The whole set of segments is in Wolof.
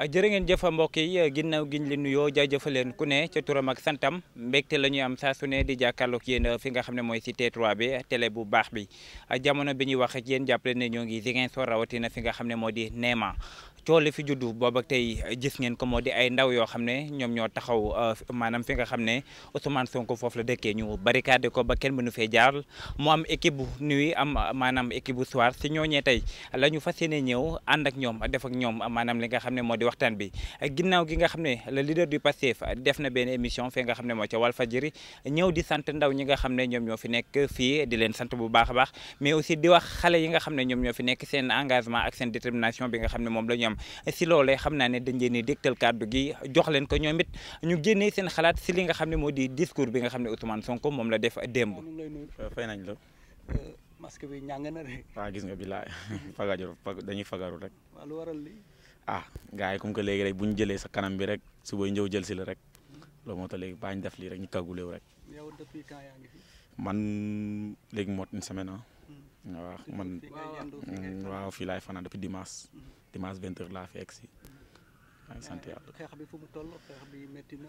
Ah, jërë ngeen jëf mbokk yi ah, ginnaaw giñ li nuyoo jaajëfal leen ku ne ca turam ak santam mbégte la ñuy am saa su ne di jàkkaarloog yéen ah, fi nga xam ne mooy si te trois bi télé bu baax bi jamono bi ñuy wax ak yéen jàppale ne ñoo ngi Ziguinchor rawatina fi nga xam ne moo di Néma coole fi juddu booba tey gis ngeen ko moo di ay ndaw yoo xam ne ñoom ñoo taxaw maanaam fi nga xam ne Ousmane Sonko foofu la dëkkee ñu barricade ko ba kenn nu fee jaar mu am équipe bu nuit am maanaam équipe bu soir si ñooñee tey la ñu fas yéene ñëw ànd ak ñoom def ak ñoom maanaam li nga xam ne moo di waxtaan bi ginnaw gi nga xamne le leader du passef def na ben émission fe nga xamne mo ci wal Walfadjri ñew di sante ndaw ñi nga xamne ñom ñofi nek fi di len sante bu baax baax mais aussi di wax xalé yi nga xamne ñom ñofi nek sen engagement ak sen détermination bi nga xamne mom la ñoom si lolé xamna né dañ leen di dektal kàddu gi jox leen ko ñomit ñu génné sen xalaat ci li nga xamne mo di discours bi nga xamne Ousmane Sonko mom la def demb euh, fay nañ la euh, masque bi ñang na rek. waaw gis nga bilaay fagaru dañuy fagaru rek. waaw lu waral li ah gaa yi comme que léegi rek bu ñu jëlee sa kanam bi rek su booy njëw jël si la rek loolu moo tax léegi baa ñu def lii rek ñu kàgguleew rek. yow depuis quand yaa ngi fi. man léegi mot une semaine ah. Hmm. man waaw fii laay fanaan depuis dimanche. Hmm. dimanche vingt heures laa fi egg si. maa eh, bi fu métti na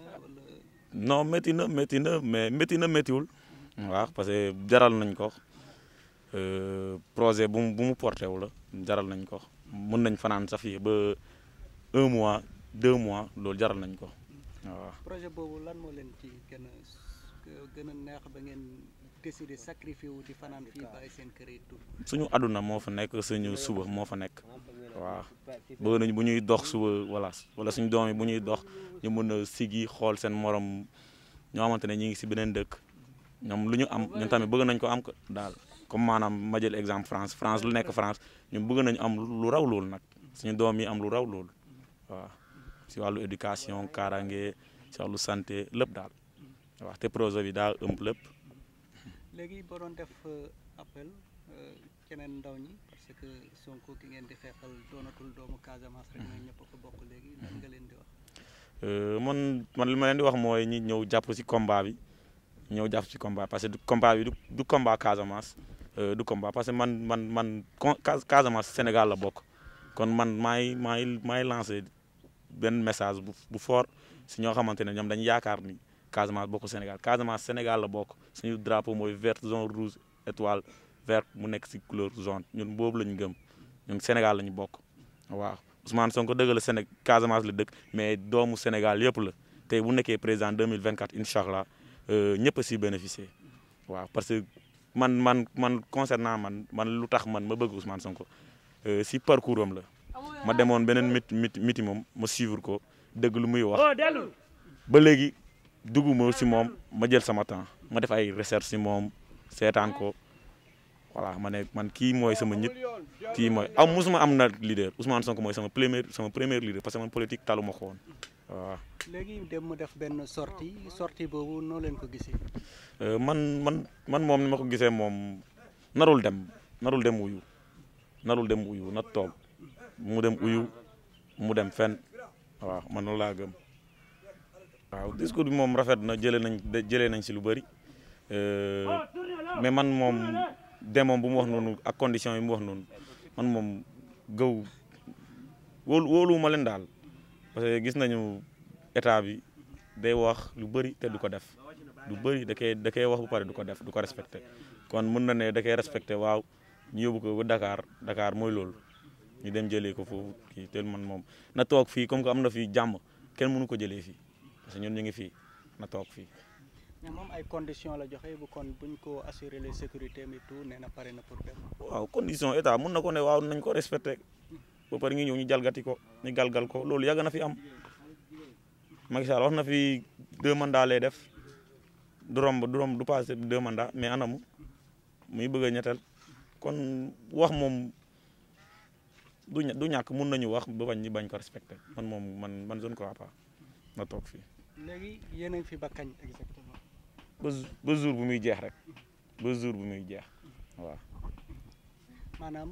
wala. métti na métti mais métti na méttiwul. waaw parce que jaral nañ ko euh, projet bu mu bu porté wu la jaral nañ ko. mën nañ fanaan sa fii ba un mois deux mois loolu jaral nañ ko waaw. projet boobu lan moo leen ci gën a gën a neex ba ngeen décider sacrifier wu di fanaan seen kër suñu àdduna moo fa nekk suñu suba moo fa nekk waaw bëgg nañ bu ñuy dox suba wala wala suñu doom yi bu ñuy dox ñu mën a sigi xool seen morom ñoo xamante ne ñu ngi si beneen dëkk ñoom lu ñu am ñun tamit bëgg nañ ko am daal. comme maanaam ma jël exemple France France lu nekk France ñu bëgg nañu am lu raw loolu nag suñu doom yi am lu raw loolu waaw si wàllu éducation kaaraange si lu santé lépp daal waaw te projet bi daal ëmb lépp. doon def euh, appel euh, keneen ndaw ñi ki ngeen di xeexal doonatul doomu Casamance rek euh, man li ma leen di wax mooy ñi ñëw jàpp si combat bi ñëw jàpp ci combat parce que du combat bi du du combat Casamance. Euh, de combat parce que man man man Casamance Sénégal la bok kon man may may may lancer ben message bu bu fort si ñoo xamante ne ñoom dañu yaakaar ni Casamance bokk Sénégal Casamance Sénégal la bok suñu drapeau moy vert jaune rouge étoile vert mu nekk ci couleur jaune ñun bobu lañu gëm ñun Sénégal la bok bokk waaw Ousmane Sonko dëgg Sénégal Casamance le dëkk mais doomu Sénégal yépp la tey bu nekké président 2024 incha euh ñëpp ci bénéficier waaw parce que man man man concernant man man lu man ma bëgg Ousmane Sonko euh, si ci am la ma démon benen mit mit miti moom ma suivre ko dëgg lu muy wax oh, ba léegi si mom ma jël sama temps ma def ay recherche si mom seetaan ko voilà mané man ki moy sama nit kii moy am musuma am na leader Ousmane Sonko moy sama premier sama premier leader parce que man politique talu waaw léegi dem mu def benn sortie sortie boobu noo leen ko gisee. Euh, man man man mom ni ma ko narul dem narul dem uyu narul dem uyu na toog mu dem uyu mu dem fenn waaw man loolu laa gëm. discours bi moom rafet na jëlee nañ jëlee nañ si lu bëri euh, mais man moom demoom bu mu wax noonu ak condition yi mu wax man mom gëw wóolu wóoluwuma parce que gis nañu état bi day wax lu te du def lu bëri da koy da wax bu pare du def duka ko respecté kon mën na ne da koy respecté waaw ñu yóbbu ko Dakar Dakar moy loolu ñu dem jëlee ko foofu kii te man moom na toog fi comme que am fi fii ken mënu ko jëlee fi parce que ñun ñu ngi fi, na fi. fii. moom ay conditions la joxe bu kon buñ ko assurer les sécurité mi tout nee na pare na pour dem. waaw condition état mën na ko ne waaw nañ ko respecté ba pare ñu ñew ñu jalgati ko ñu galgal ko loolu yàgg na fi am Macky Sall wax na fi deux mandats lay def du romb du romb du passé deux mandats mais anamu muy bëgg a ñetteel kon wax moom du du ñàkk mun nañu wax ba bañ ñu bañ ko respecté man moom man man zone crois pas na toog fii. léegi yéen a fi bakkañ exactement. ba ba jour bu muy jeex rek ba jour bu muy jeex waaw. maanaam.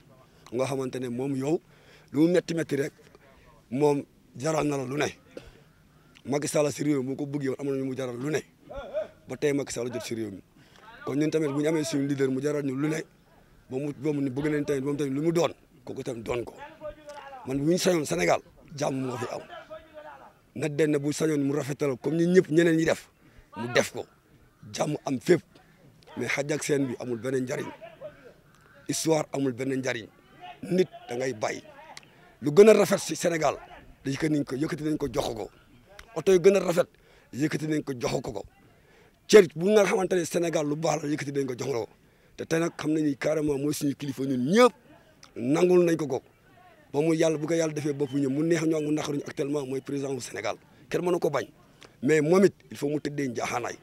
nga xamantene ne yow lu metti metti rek mom jaral na la lu ne Macky Sall ci rew mu ko bëgg yow amul ñu mu jaral lu ne ba tay Macky Sall jot ci rew mi kon ñun tamit bu ñu amee suñu leader mu jaral ñu lu ne ba mu ba mu bëgg nañ bu mu tay lu mu doon ko tam doon ko man bu ñu Sénégal jamm mo fi am na bu sañon mu rafetal comme ñun ñëpp ñeneen ñi def mu def ko jamm am fépp mais xaj seen bi amul benen jariñ histoire amul benen jariñ nit da ngay bay lu gën a rafet si Sénégal da yëkkati nañ ko yëkkati nañ ko jox ko oto yu gën a rafet yëkkati nañ ko jox ko cër bu nga xamante ne Sénégal lu baax la yëkkati nañ ko jox ko te tey nag xam nañu carrément mooy suñu kilifa ñun ñëpp nangul nañ ko ko ba mu yàlla bu ko yàlla defee bopp ñu mu neex ñoo mu naqaruñu actuellement mooy président bu Sénégal kenn mënu ko bañ mais moom it il faut mu tëddee njaaxaanaay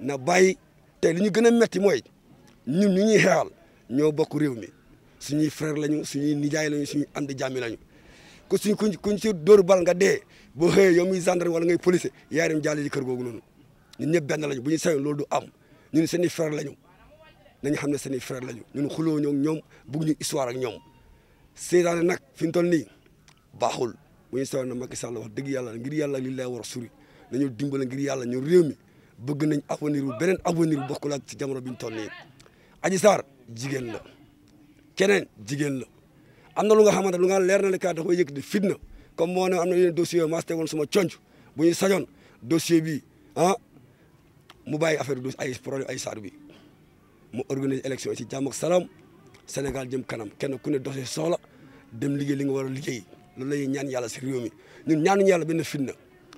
na bàyyi te li ñu gën a metti mooy ñun ñu ñuy xeexal ñoo bokk réew mi suñuy frère lañu suñuy nijaay lañu suñuy ànd jàmmi lañu ku suñ kuñ kuñ si dóor bal nga dee boo xëyee yow muy gendarme wala ngay policier yaay dem jàll ci kër googu noonu ñun ñëpp benn lañu bu ñu sañoon loolu du am ñu seen i frère lañu nañu xam ne seen i frère lañu ñun xuloo ñoom ñoom bugg ñu histoire ak ñoom seetaane nag fi mu toll nii baaxul bu ñu sañoon na Macky Sall wax dëgg yàlla ngir yàlla li lay war suri nañu dimbale ngir yàlla ñu réew mi bëgg nañ avenir bu beneen avenir bu bokkul ak ci jamono bi ñu toll nii Adji Sarr jigéen la keneen jigéen la am na lu nga xamante lu nga leer na le kat da koy fitna comme moo ne am na yeneen dossier maa tegoon suma conc bu ñu sañoon dossier bi ah mu bàyyi affaire bi ay problème ay saar bi mu organiser élection ci jàmm ak salaam Sénégal jëm kanam kenn ku ne dossier soxla dem liggéey li nga war a liggéey loolu la ñuy ñaan yàlla si réew mi ñun ñaanuñu yàlla benn fitna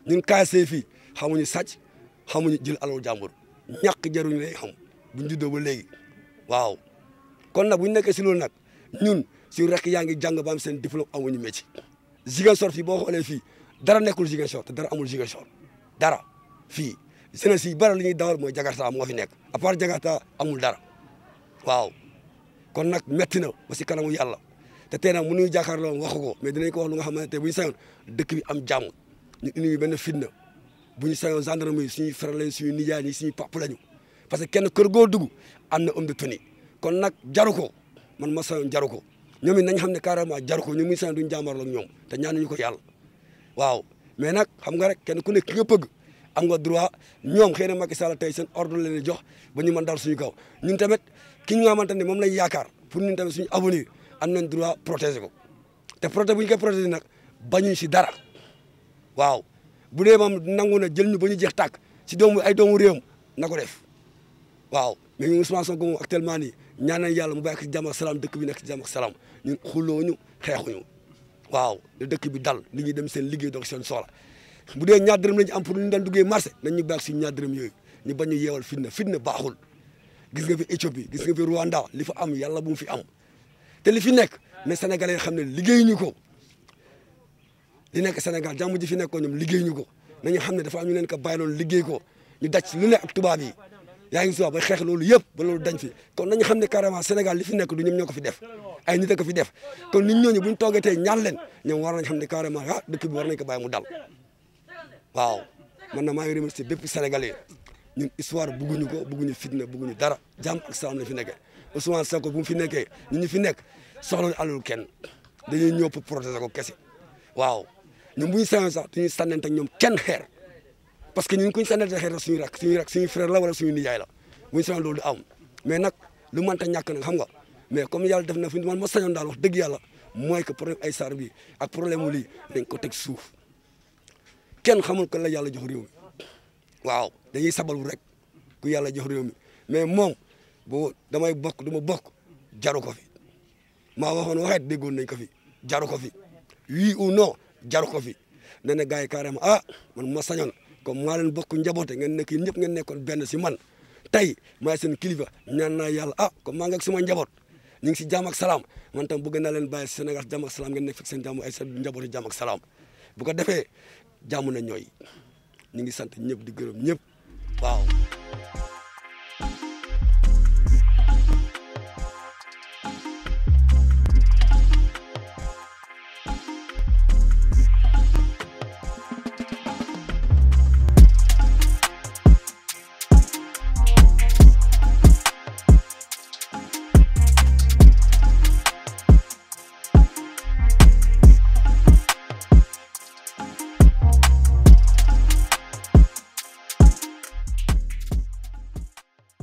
ñun KSC e fii xamuñu sàcc xamuñu jël alalu jàmbur ñàkk jaruñu lay xam buñ juddoo ba léegi kon nag bu ñu nekkee si loolu nag ñun si rek yaa ngi jàng ba am seen diplôme amuñu métier Ziguinchor fii boo xoolee fii dara nekkul Ziguinchor te dara amul Ziguinchor dara fii jeunesse yi bari li ñuy dawal mooy Jakarta moo fi nekk à part Jakarta amul dara waaw kon nag metti na ba si kanamu yàlla te tey nag mënuñu jàkkaarloo waxu ko mais dinañ ko wax lu nga xamante ne bu ñu sañoon dëkk bi am jàmm ñu indi benn fitna bu ñu sañoon gendarmerie suñuy frère lañ suñuy ñi suñuy papa lañu parce que kenn kër goo dugg am na homme de tenue kon nag jaru ko man ma sañoon jaru ko ñoom it nañ xam ne carrément jaru ko ñoom ñu sañoon duñ jàmbarloog ñoom te ñaanuñu ko yàlla waaw mais nag xam nga rek kenn ku nekk ki nga bëgg am nga droit ñoom xëy na Macky Sall tey seen ordre la leen jox ba ñu mën daal suñu kaw ñun tamit ki ñu nga xamante ne moom lañ yaakaar pour ñun tamit suñu avenir am nañ droit protéger ko te proté bu ñu koy protéger nag bañuñ si dara waaw bu dee moom nangu na jël ñu ba ñu jeex tàkk si doomu ay doomu réewam na ko def waaw mais ñun Ousmane Sonko moom actuellement nii ñaan nañ yàlla mu bàyyi ko ci jàmm ak salaam dëkk bi nekk ci jàmm ak salaam ñun xulooñu xeexuñu waaw dëkk bi dal nit ñi dem seen liggéey dox seen soxla bu dee ñaar dërëm lañu am pour ñu daan duggee marché nañ ñu bàyyi suñu ñaar dërëm yooyu ñu bañ a yeewal fitna fitna baaxul gis nga fi Éthiopie gis nga fi Rwanda li fa am yàlla bu mu fi am te li fi nekk mais sénégalais xam ne liggéeyuñu ko li nekk Sénégal jàmm ji fi nekkoon ñoom liggéeyuñu ko nañu xam ne dafa am ñu leen ko bàyyiloon liggéey ko ñu daj lu ne ak tubaab yi yaa ngi si wax ba xeex loolu yëpp ba loolu dañ fi kon nañu xam ne carrément Sénégal li fi nekk du ñoom ñoo ko fi def ay nit a ko fi def kon nit ñooñu buñ toogee tey ñaar leen ñoom war nañ xam ne carrément ah dëkk bi war nañ ko bàyyi waaw man na maa ngi remercier bépp Sénégalais ñun histoire bugguñu ko bugguñu fitna bugguñu dara jàmm ak salaam la fi nekkee Ousmane Sonko bu mu fi nekkee ñu fi nekk soxlañu alalu kenn dañuy ñëw pour protéger ko kese waaw ñun bu ñu sañoon sax duñu sànnante ak ñoom kenn xeer parce que ñun ku ñu sànnatee xeer suñu rak suñu rak suñu frère la wala suñu nijaay la bu ñu sañoon loolu du am mais nag lu mënta ñàkk nag xam nga mais comme yàlla def na fi man ma sañoon daal wax dëgg yàlla mooy que problème ay saar bi ak problème mu lii dañ ko teg suuf kenn xamul ko la yàlla jox réew mi waaw dañuy sabalu rek ku yàlla jox réew mi mais moom bu damay bokk du ma bokk jaru ko fi maa waxoon waxeet déggoon nañ ko fi jaru ko fi oui ou non jaru ko fi nee comme maa leen bokk njaboote ngeen nekk ñëpp ngeen nekkoon benn si man tey maay seen kilifa ñaan naa yàlla ah comme maa ngi ak suma njaboot ñu ngi si jàmm ak salaam man tam bëgg naa leen bàyyi si Sénégal jàmm ak salaam ngeen nekk fekk seen jàmm ay seen njaboot jàmm ak salaam bu ko defee jàmm ñooy ñu ngi sant ñëpp di gërëm waaw